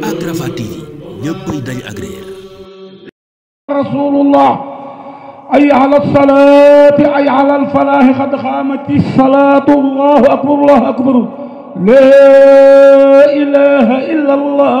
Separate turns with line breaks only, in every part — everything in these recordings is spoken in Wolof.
ak Rafah TV ñëppay dañ agréer rasulullah ay ala salaati ay ala alfalaahi qad qaamati salaatu allahu akbar allahu akbar laa ilaha illa allah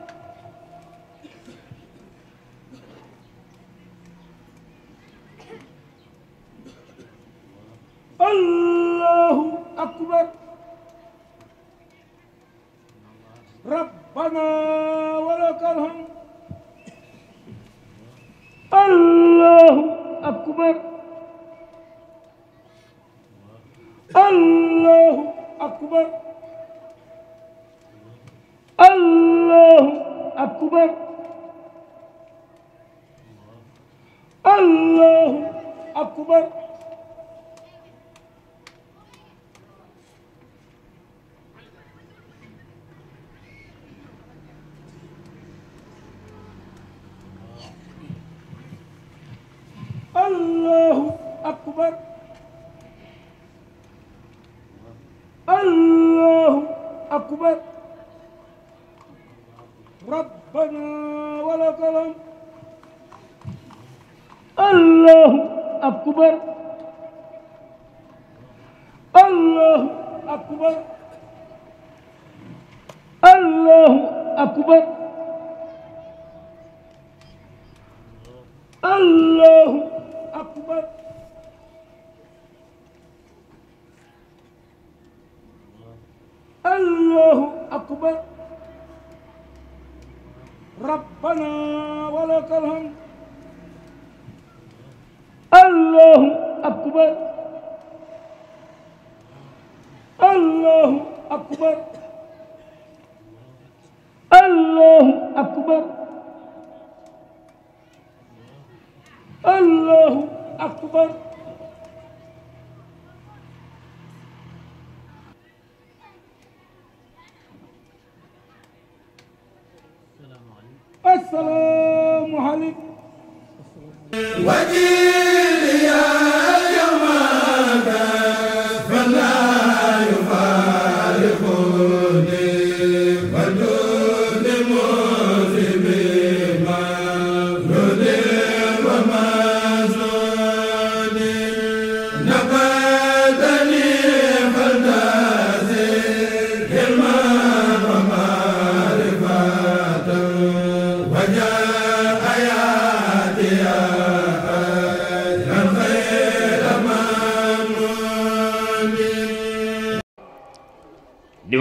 allahu akbar ak kuba السلام عليكم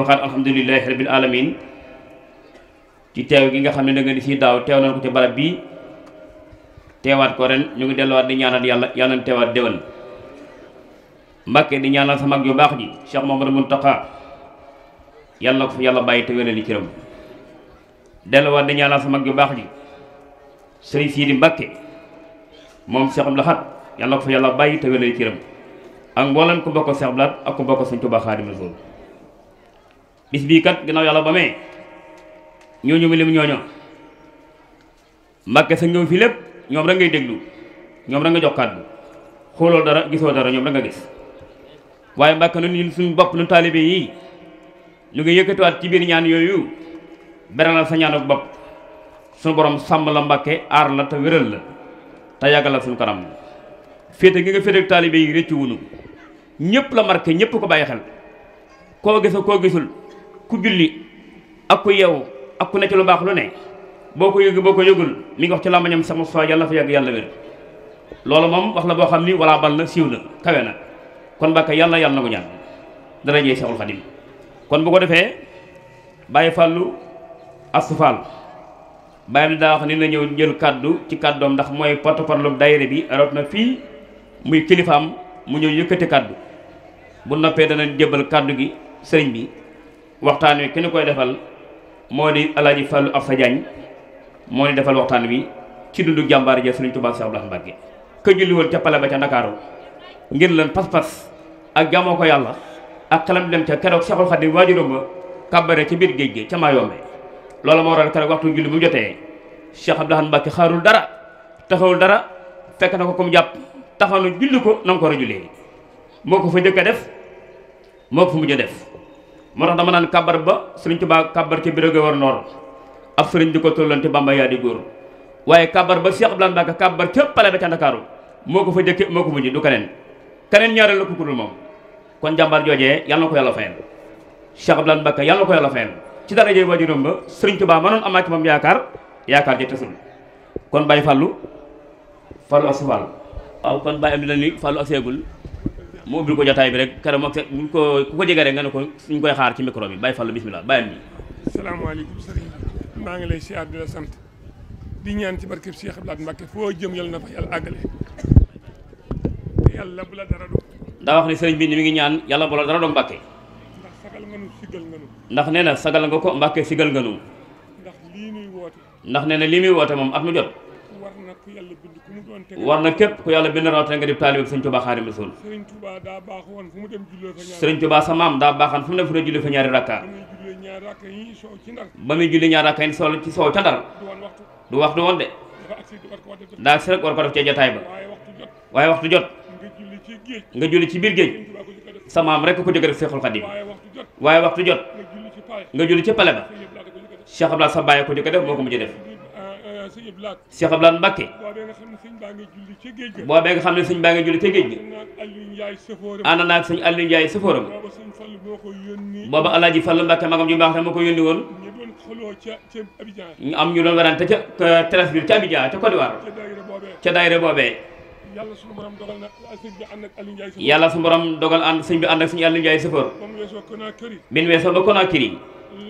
waxaat alhamdulilahi rabil alamin ci teew gi nga xam ne da di si daaw teew nañ ko ci barab bii teewaat ko ren ñu ngi delluwaat di ñaanal yàlla yàlla nañ teewaat déwén Mbàkke di ñaanal sama mag yu baax ji Cheikh Mouhamadou Mountakha yàlla ko fa yàlla bàyyi te wéral yi delluwaat di ñaanal sama mag yu baax ji sii Sidi Mbàkke moom Cheikh Abdou Lahad yàlla ko fa yàlla bàyyi te wéral yi ak mboolem ku bokk Cheikh Abdou Lahad ak ku bokk Sëriñ Tuubaa Xaadimu bis bii kat ginnaaw yàlla ba mee ñooñu mi lim ñooño sa ñëw fii lépp ñoom rek ngay déglu ñoom rek nga jox kàddu xooloo dara gisoo dara ñoom rek nga gis waaye mbàkke nu ñun suñu bopp nu taalibe yi ñu ngi yëkkatiwaat ci biir ñaan yooyu beralal sa ñaanu bopp suñu borom sàmm la mbàkke aar la te wéral la te yàggal la suñu kanam féete gi nga féete taalibe yi rëccu wunu ñëpp la marqué ñëpp ko bàyyi xel koo gis koo gisul ku julli ak ku yeewu ak ku ne ci lu baax lu ne boo ko yëg boo ko yëgul li nga wax ci làmbañam sama soo yàlla fa yàgg yàlla wér loolu moom wax la boo xam ni walla ban na siiw na kawe na kon bàkka yàlla yàlla na ko ñaan dara jëy Seexul Xadim kon bu ko defee bàyyi fàllu astu fall bàyyam daa wax ni na ñëw jël kàddu ci kàddoom ndax mooy porte-parole daayira bi rawat na fii muy kilifaam mu ñëw yëkkati kàddu bu noppee dana jébbal kàddu gi sëriñ bi waxtaan wi ki koy defal moo di alaaji Fallou sa Diagne moo di defal waxtaan wi ci dundu jàmbaar ja Sëriñ Tuubaa Seex Abdul Ahad Mbàkke ka julli ca pale ba ca Ndakaaru ngir lan pas-pas ak jaamoo ko yàlla ak xelam dem ca keroog Seexul Xadiim waajuram ba kàbbare ca biir géej gi ca bi loolu moo waral keroog waxtu julli bu jotee Seex Abdul Ahad xaarul dara taxawul dara fekk na ko comme jàpp taxaw na julli ko na ko war a jullee fa njëkk a def moo ko moo tax dama naan kabar ba Sëriñ Tuubaa kabar ci biroge war noor ab sëriñ di ko tolloon ci Bamba yaa di góor waaye kabar ba Cheikh Abdoulaye Mbacke kabar ca pale ba ca Ndakaaru moo ko fa jëkke moo ko mujj du keneen keneen ñaareel la ku kudul moom kon jàmbaar joojee yàlla ko yàlla fayal Cheikh Abdoulaye Mbacke yàlla na ko yàlla fayal ci darajey waajuram ba Sëriñ Tuubaa mënoon amaat ci moom yaakaar yaakaar ji tasul kon Baye Fallou Fallou ak Sufal waaw kon Baye am dina ni mu ubbil ko jotaay bi rek keroog moom buñ ko ku ko jege nga ne ko suñ koy xaar ci micro bi bàyyi fàllu bismillah bàyyil mi asalaamaaleykum maa ngi lay siyaar di sant di ñaan ci barkeb Cheikh Abdoulaye Mbacke foo jëm yal na fa yàlla àggale la dara dog daa wax ne sëriñ bi ni ngi ñaan yàlla bu la dara dog Mbacke ndax sagal ndax nee na sagal nga ko Mbacke sigal nga nu ndax lii nuy woote ndax nee na lii muy woote moom ak mu jot war na képp ku yàlla a rawatina nga di taalibe Sëriñ Tuubaa Xaadimu Rasuul Sëriñ Tuubaa sa maam daa baaxoon fu mu dem fu ne julli fa ñaari rakka ba muy julli ñaari rakka yi sol ci soow ca Ndar du waxtu woon de daa si rek war ko def ci jataay ba waaye waxtu jot nga julli ci biir géej sa maam rek ko jëkk def Seexul Xadiim waaye waxtu jot nga julli ci pale ba Cheikh Abdoulaye sa bàyyi ko jëkk def moo ko mujj def Cheikh Abdoulaye Mbacké boobee nga xam ne sëñ baa ngi julli ca géej ga boobee nga xam ne sëñ baa ngi julli ca géej ga ànd naa ak sëñ Aliou Ndiaye sëfooram booba Alaaji Fallu Mbacké magam ju baax dama ko yónni woon ñu am ñu doon warante ca teres bi ca Abidjan ca Côte d'Ivoire ca daayira boobee yàlla suñu borom dogal na sëñ bi ànd ak Aliou Ndiaye yàlla suñu sëfoor bin weesoo ba Conakry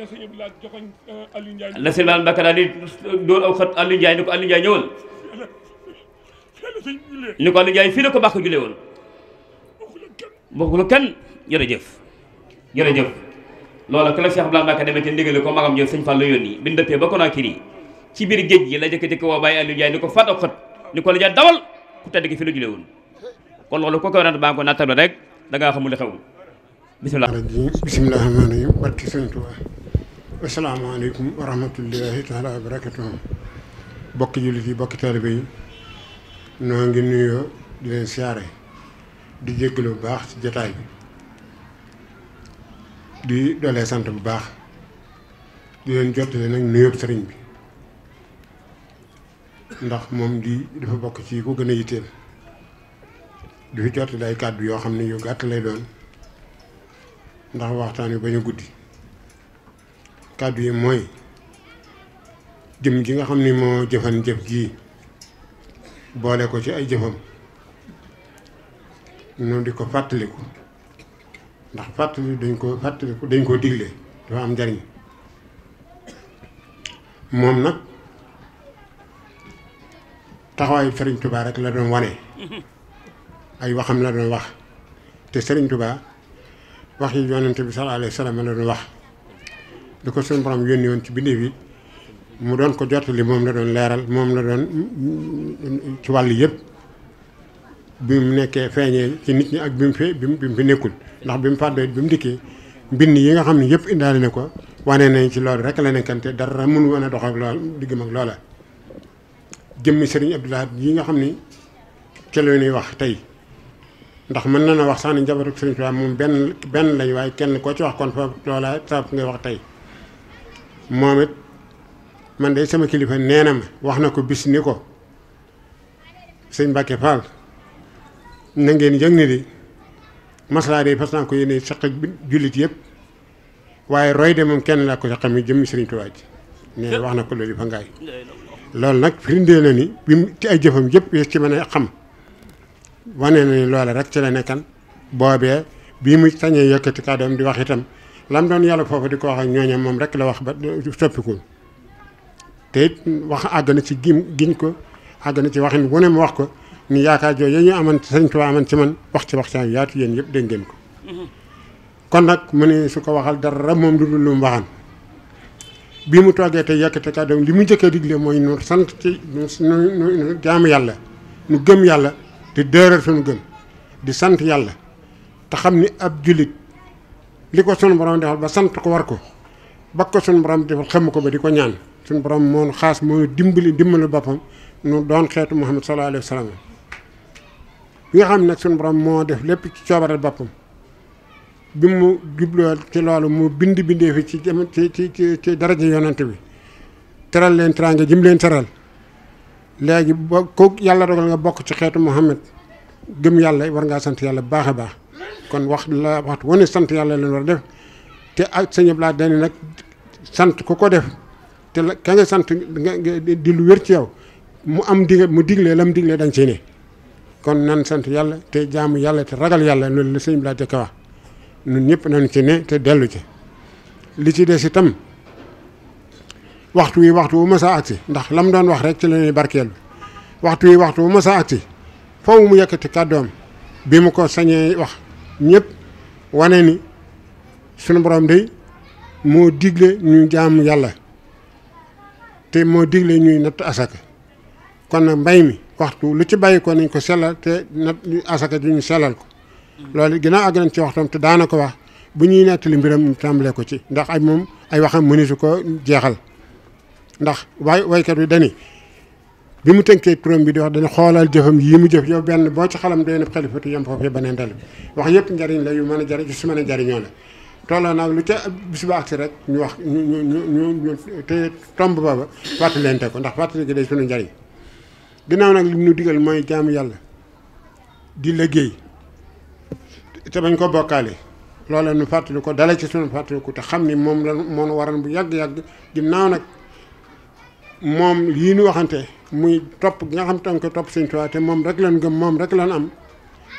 la sëñ Abdou Lahad joxoñ euh, la sëñ Maam Mbacke daal di dóor aw al Aliou Ndiaye ni ko Aliou Ndiaye ñëwal ko Aliou Ndiaye fii la ko Mbacke julee woon bokkul la Cheikh Abdou Lahad Mbacke demee te ko magam jël sëñ la jëkk-jëkk woo bàyyi ko fat aw ko loolu ko baa ngi ko nattable rek da ngaa xamul xew bismillah
bismillah rahmaan rahim barki
asalaamaaleykum wa rahmatullahi taala wa
barakatuhu bokki jullit yi bokki taalibe yi noo ngi nuyoo di leen siyaare di jéggalu bu baax ci jataay bi di dolee sant bu baax di leen jottale nag nuyoo sëriñ bi ndax moom di dafa bokk ci ku gën a yitteel di fi jottale ay kàddu yoo xam ne yu gàtt lay doon ndax waxtaan wi bañ a guddi kàddu yi mooy jëm ji nga xam ni moo jëfan jëf gii boole ko ci ay jëfam noonu di ko fàttaliku ndax fàttali dañ ko fàttaliku dañ koo digle dafa am njariñ moom nag taxawaayu Sëriñ Tubaa rek la doon wane ay waxam la doon wax te Sëriñ Tubaa wax yi yonent bi sallallahu alayhi wa sallam la doon wax li ko suñu borom yónni woon ci bindéef yi mu doon ko jottali moom la doon leeral moom la doon ci wàll yépp bi mu nekkee feeñee ci nit ñi ak bi mu fi bi mu fi nekkul ndax bi mu fàddoo bi mu dikkee mbind yi nga xam ne yëpp indaale na ko wane nañ ci loolu rek la nekkante dara mënu woon dox ak lool diggam ak loola jëmmi sëriñ yi nga xam ni ci la ñuy wax tey ndax mën na na wax sax ni njabootu sëriñ Tuubaa moom benn benn lañ waaye kenn koo ci wax kon foofu loola sax ngay wax tey moom it man de sama kilifa neena ma wax na ko bis ni ko sëñ Mbacke Fall na ngeen yëg ni di maslaa de fas naa ko yéene saq ak jullit yëpp waaye roy de moom kenn laa ko saqam yi jëmmi sëriñ Tuubaa ji nee na wax na ko loolu fa ngaay loolu nag de na ni bi ci ay jëfam yëpp yées ci mën a xam wane na ni loola rek ci la nekkan boobee bii mu sañee yëkkati kàddoom di wax itam lam doon yàlla foofu di ko wax ak ñooñam moom rek la wax ba soppikuñ te wax àgg na ci gim giñ ko àgg na ci waxin wu mu wax ko ni yaakaar jooju yéen ñu amoon sëñ Tuubaa amoon ci man wax ci wax ci yaatu yéen yëpp dégg ngeen ko. kon nag mu ne su ko waxal dara moom lu dul lu mu waxan bii mu toogee te yekkate kàddoom li mu njëkkee digle mooy nu sant ci nu jaamu yàlla nu gëm yàlla te dëral suñu gëm di sant yàlla te xam ni ab jullit li ko sunu borom defal ba sant ko war ko ba ko sunu borom defal xam ko ba di ko ñaan sunu borom moom xaas moo dimbali dimbali boppam nu doon xeetu Muhammad sallallahu alayhi wa sallam bi nga xam nag sunu borom moo def lépp ci coobare boppam bi mu jubloo ci loolu mu bind bindee fi ci ci ci ci ci daraja yonante bi teral leen teraanga jëm leen teral léegi boo ko yàlla dogal nga bokk ci xeetu Muhammad gëm yàlla war ngaa sant yàlla baax a baax. kon wax la waxtu wane sant yàlla leen war a def te ak sëñ Abdoulaye nag sant ku ko def te la ka sant nga di lu wér ci yow mu am dig mu diglee la mu lee dañ see ne kon nan sant yàlla te jaamu yàlla te ragal yàlla loolu la sëñ Abdoulaye jëkk a wax ñun ñëpp nañ ci ne te dellu ci li ci des itam waxtu wi waxtu wu masa agsi ndax la mu doon wax rek ci la ñuy barkeelu waxtu wi waxtu wu masa agsi foofu mu yëkkati kàddoom bi mu ko sañee wax ñépp wane ni sunu borom day moo digle ñu jaamu yàlla te moo digle ñuy natt asaka kon na mbay mi waxtu lu ci bàyyi ko nañ ko sellal te natt asaka du ñu sellal ko loolu ginnaaw àgg nañ ci waxtam te daana ko wax bu ñuy nettali mbiram ñu tàmbalee ko ci ndax ay moom ay waxam mënitu ko jeexal ndax waay waykat wi dani bi mu tenkee turam bi di wax dañu xoolal jëfam yii mu jëf yow benn boo ci xalam doy na xalifatu yam foofu yëpp beneen dal wax yëpp njariñ la yu mën a jariñ su mën a jariñoo la tolloo naa lu ca bis ba agsi rek ñu wax ñu ñu ñu te tomb booba fàttalente ko ndax fàttali gi day suñu njariñ ginnaaw nag li ñu digal mooy jaamu yàlla di liggéey te bañ ko bokkaale loola nu fàttali ko dala ci suñu fàttaliku te xam ni moom la moo moom waran bu yàgg-yàgg ginnaaw nag moom yii nu waxante muy topp nga xam tan ko topp Sëñ Tuubaa moom rek lan gëm moom rek lan am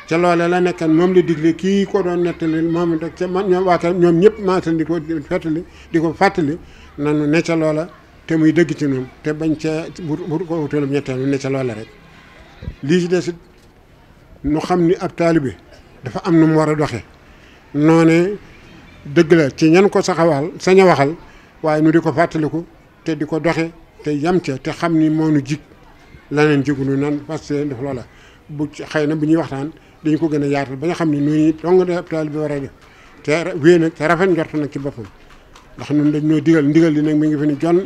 ca loolee la nekkan moom la digle kii ko doon nettali moom rek ca man ñoom waa ka ñoom ñëpp maatan di ko fettali di ko fàttali nanu ne ca te muy dëgg ci te bañ ca bu ko wutalum ñetteelu ne ca loola rek lii ci des nu xam ni ab taalibe dafa am nu mu war a doxe noone dëgg la ci ñan ko saxawal sañawaxal waaye nu di ko fàttaliku te di ko doxe te yam ca te xam ni moo nu jig laneen jigunu nan parce que def loola bu ci xëy na bu ñuy waxtaan dañ ko gën a yaatal ba nga xam ne noonu dong de taal bi war a def te nag rafet njort nag ci boppam ndax ñun dañ ñoo digal ndigal li nag mi ngi fi ni jon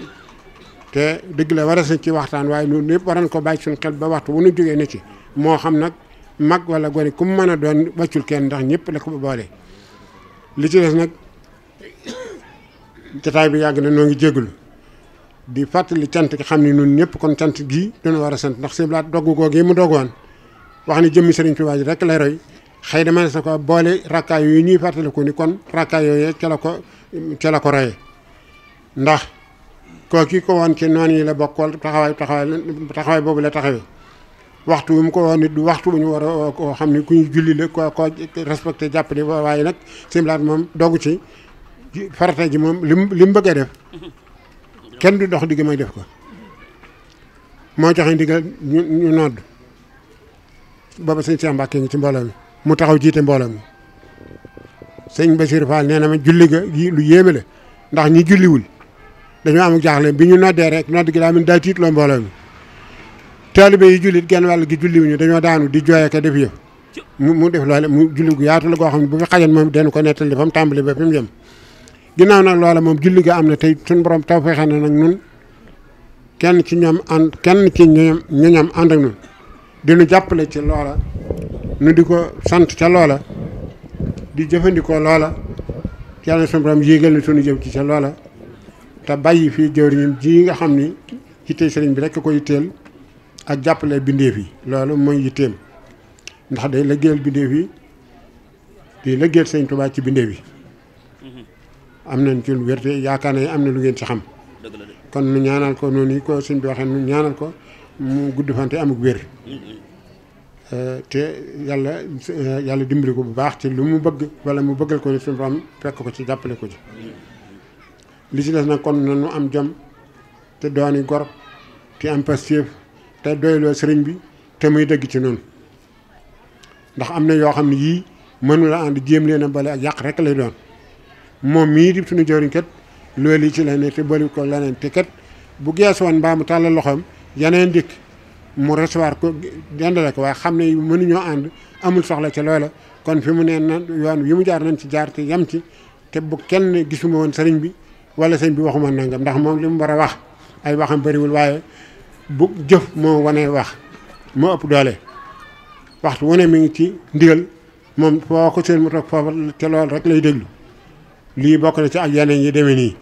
te dëgg la war a ci waxtaan waaye loolu lépp waran ko bàyyi suñu xel ba waxtu wu nu jógee ni ci moo xam nag mag wala gone ku mën a doon wàccul kenn ndax ñëpp la ko boole li ci des nag jotaay bi yàgg na noo ngi jégalu di fàttali cant gi xam ne noonu ñëpp kon cant gii dañu war a sant ndax sëñ Blaat dogg googee mu doggoon wax ni jëmmi Serigne Touba ji rek lay roy xëy na mën na ko boole rakkaay yooyu ñuy fàttaliku ni kon rakkaay yooyu ca la ko ca ko royee ndax kooku ko woon ci yi la bokkool taxawaay taxawaay taxawaay boobu la taxawee waxtu wu mu ko woon nit du waxtu bu ñu war a koo xam ne ku ñu julli la ko koo respecté jàpp ni waaye nag sëñ Blaat moom dogg ci farata ji moom lim li mu bëgg a def. kenn du dox digg may def ko moo joxe ndigal ñu ñu nodd booba sëñ Cheikh Mbacke ngi ci mbooloo mi mu taxaw jiite mbooloo mi sëñ Bachir Fall nee na ma julli ga lu yéeme la ndax ñi julliwul dañoo am jaaxle bi ñu noddee rek nodd gi daa mel daa tiitloo mbooloo mi taalibe yi jullit genn wàll gi julliwuñu dañoo daanu di jooye ko def yëf mu def loole mu julli gu yaatu la goo xam ne bu fi xajan moom den ko nettali fa mu tàmbali ba fi mu ginnaaw nag loola moom julli gaa am na tey suñu borom taw fexe na nag nun kenn ci ñam ànd kenn ci ñoom ñoom ànd ak nun di nu jàppale ci loola nu di ko sant ca loola di jëfandikoo loola yàlla na suñu borom na suñu jëf ci ca loola te bàyyi fii jëwriñam ji nga xam ni yitte sëriñ bi rekk ko yitteel ak jàppale bindeef yi loolu mooy yitteem ndax day liggéeyal bindeef yi di liggéeyal sëriñ Tuubaa ci bindeef yi am nañ ci lu wér te yaakaar nañ am na lu ngeen ci xam. kon nu ñaanal ko noonu koo suñ bi waxee nu ñaanal ko mu gudd fante amuk wér. Mm, mm. Euh, te yàlla yàlla dimbali ko bu baax ci lu mu bëgg wala mu bëggal ko suñu borom fekk ko ci jàppale ko ci. Mm, li ci des nag kon nañu am jom te dooni gor te am pastéef te doyloo sëriñ bi te muy dëgg ci noonu ndax am na yoo xam ne yii mënu la ànd jéem leen a bale ak yàq rek lay doon. moom mii di suñu jëriñ kat loolu ci la ne te bëri ko leneen te kat bu gees woon mbaa mu tàllal loxoom yeneen dikk mu recevoir ko dendale ko waaye xam ne mënuñoo ànd amul soxla ci kon fi mu ne na yoon wi mu jaar nañ ci jaar te yem ci te bu kenn gisuma woon sëriñ bi wala sëriñ bi waxuma nangam ndax moom li mu war a wax ay waxam bëriwul waaye bu jëf moo wane wax moo ëpp doole waxtu wane mi ngi ci ndigal moom foo ko seen mu toog foofa te loolu rek lay déglu lii bokk na ci ak yeneen yi demee nii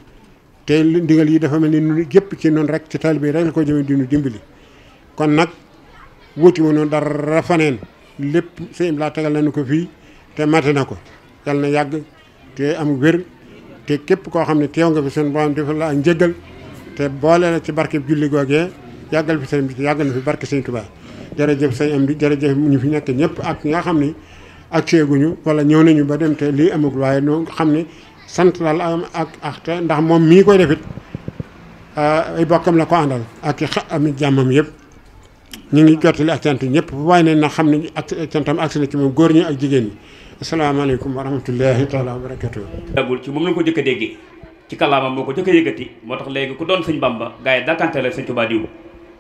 te ndigal yi dafa mel ni ñun yëpp ci noonu rek ci taal bi rek la ko jëmee di nu dimbali kon nag wuti ma noonu dara faneen lépp sëñ laa tegal nañu ko fii te mate na ko yàlla na yàgg te am wér te képp koo xam ne te nga fi seen borom defal la ak te boole la ci barke julli googee yàggal fi sëñ bi yàggal na fi barke sëñ jërëjëf sëñ am bi jërëjëf ñu fi nekk ñëpp ak ñi nga xam ni ak guñu wala ñëw nañu ba dem te lii amagul waaye noo xam ne sant daal ak ak te ndax moom mii koy defit ah, ay bokkam la ko àndal ak i xa am jàmmam yëpp ñu ngi jottali ak sant ñëpp bu waaye ne na xam ne ak cantam ak na ci moom góor ñi ak jigéen ñi asalaamaaleykum wa rahmatullahi taala wa barakatu
yàggul ci moom lañ ko jëkk a ci kàllaamam moo ko jëkk a yëkkati moo tax léegi ku doon sëñ bamba gars yi dakkante la sëñ tubaa diw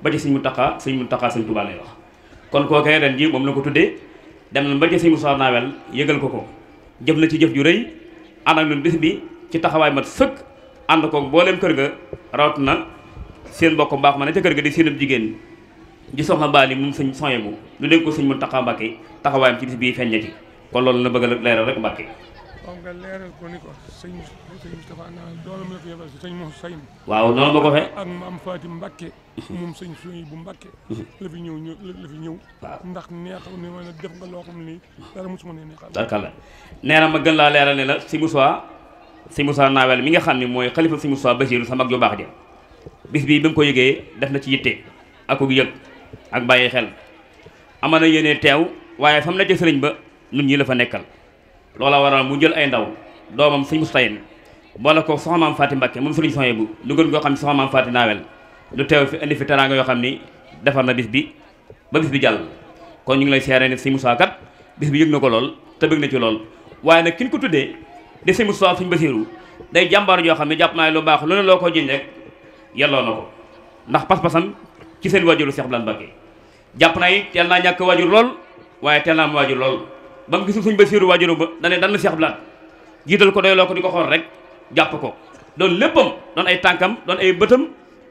ba ci sëñ mu taxaa sëñ mu taxaa sëñ tubaa lay wax kon kookee ren ji moom la ko tuddee dem na ba ci sëñ Moussa Nawel yëgal ko ko jëf na ci jëf ju rëy ànd ak ñun bis bi ci taxawaay mat sëkk ànd ko mbooleem kër ga rawat na seen bokk mbaax ma ne ca kër ga di seenub jigéen di soxna baali moom sëñ soyebu lu dégg ko sëñ mun taxaa mbàkke taxawaayam ci bis bii feññati kon loolu la bëgg a leeral rek mbàkke
waaw nga la ko yebal sëñ Moussa waaw noonu ma ko fee ak
moom sëñ suñu bu mbàkke la fi ñëw ñëw la fi ñëw ndax neexaw ne ma ne def nga loo xam ne dara mosuma ne neexal ma gën laa leeral ne la si Moussa si Nawel mi nga xam ne mooy xalifa si Moussa Basiru sa mag ju baax ja bis bii bi mu ko yëgee def na ci yitte ak ku yëg ak bàyyi xel ama na yéene teew waaye fa mu nekk sëriñ ba nun ñi la fa nekkal loola waral mu jël ay ndaw doomam sëñ Moussa boole ko soxna maam Faati Mbàkke moom sëriñ soxna bu lu gën koo xam ne Faati Nawel lu teew fi indi fi teraanga yoo xam ni defar na bis bi ba bis bi jàll kon ñu ngi lay seere ne si Moussa kat bis bi yëg na ko lool te bëgg na ci lool waaye nag kin ko tuddee di sëñ Moussa suñ Basiiru day jàmbaar joo xam ne jàpp naa lu baax lu ne loo ko jiñ rek yelloo na ko ndax pas-pasam ci seen waajuru Cheikh Blan Mbacké jàpp naa it teel naa ñàkk waajur lool waaye teel naa am waajur lool ba mu gisul suñ Basiiru waajuru ba dane dan na Cheikh Blan jiital ko doy loo ko di rek jàpp ko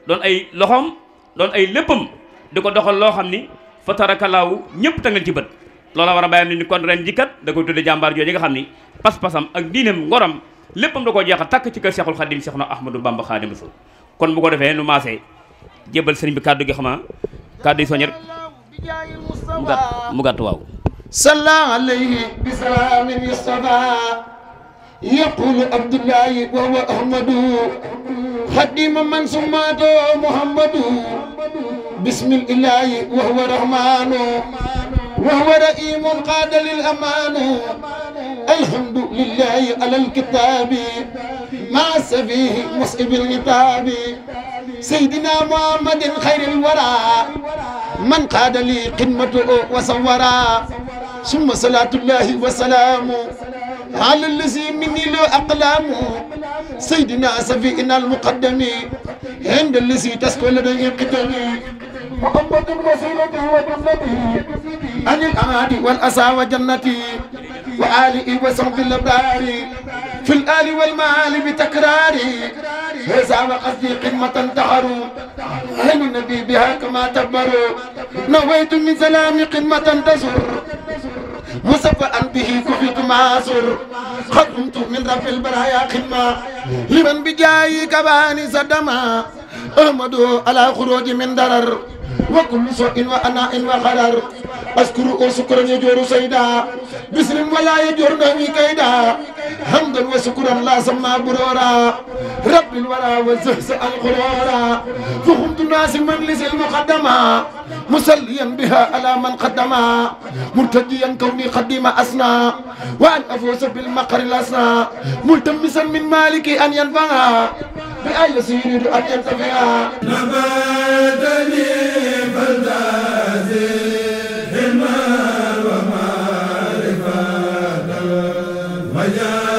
doon ay loxoom doon ay léppam di ko doxal loo xam ni fa tarakalaawu ñëpp tangal ci bët loola war a bàyyam ni ni kon ren jikkat da koy tudde jàmbaar jooju nga xam ni pas-pasam ak diineem ngoram léppam da koo jeex takk ci kër Seexul Xadim Seexuna Ahmadou Bamba Xaadimu Rasuul kon bu ko defee nu maasee jébal sëriñ bi kàddu gi xamaa kàddu yi soñer mu gàtt mu gàtt waaw
يقول عبد الله وهو أحمد خديم من سماته محمد بسم الله وهو رحمن وهو رئيم قاد للأمان الحمد لله على الكتاب مع سفيه مصعب الغتاب سيدنا محمد خير الورى من قاد لي قدمته وصورا ثم صلاة الله وسلامه على الذي مني له أقلام سيدنا سفينا المقدم عند الذي تسكن لديه قدمي محمد وسيلتي وجنتي عن الأماد والأسى وجنتي وآله وصحبه الأبرار في الآل والمآل بتكراري هذا وقصدي قمة تحروا أهل النبي بها كما تبروا نويت من سلام قمة تزر مسبقا به كفيت معاصر خدمت من رفع البرايا خدمة لمن بجاي كباني صدما أحمد على خروج من درر وكل سوء وأناء وخرر أشكر شكرا يجور سيدا بسلم ولا يجور نهي كيدا حمدا وشكرا لازمنا برورا رب الورى وزهزأ الغرورا فخمت ناس المجلس المقدمة مسليا بها على من قدما مرتجيا كوني قديم أسنى وأن أفوز بالمقر الأسنى ملتمسا من مالكي أن ينفعها بأي يريد أن ينتفع نبادني بلدازي waja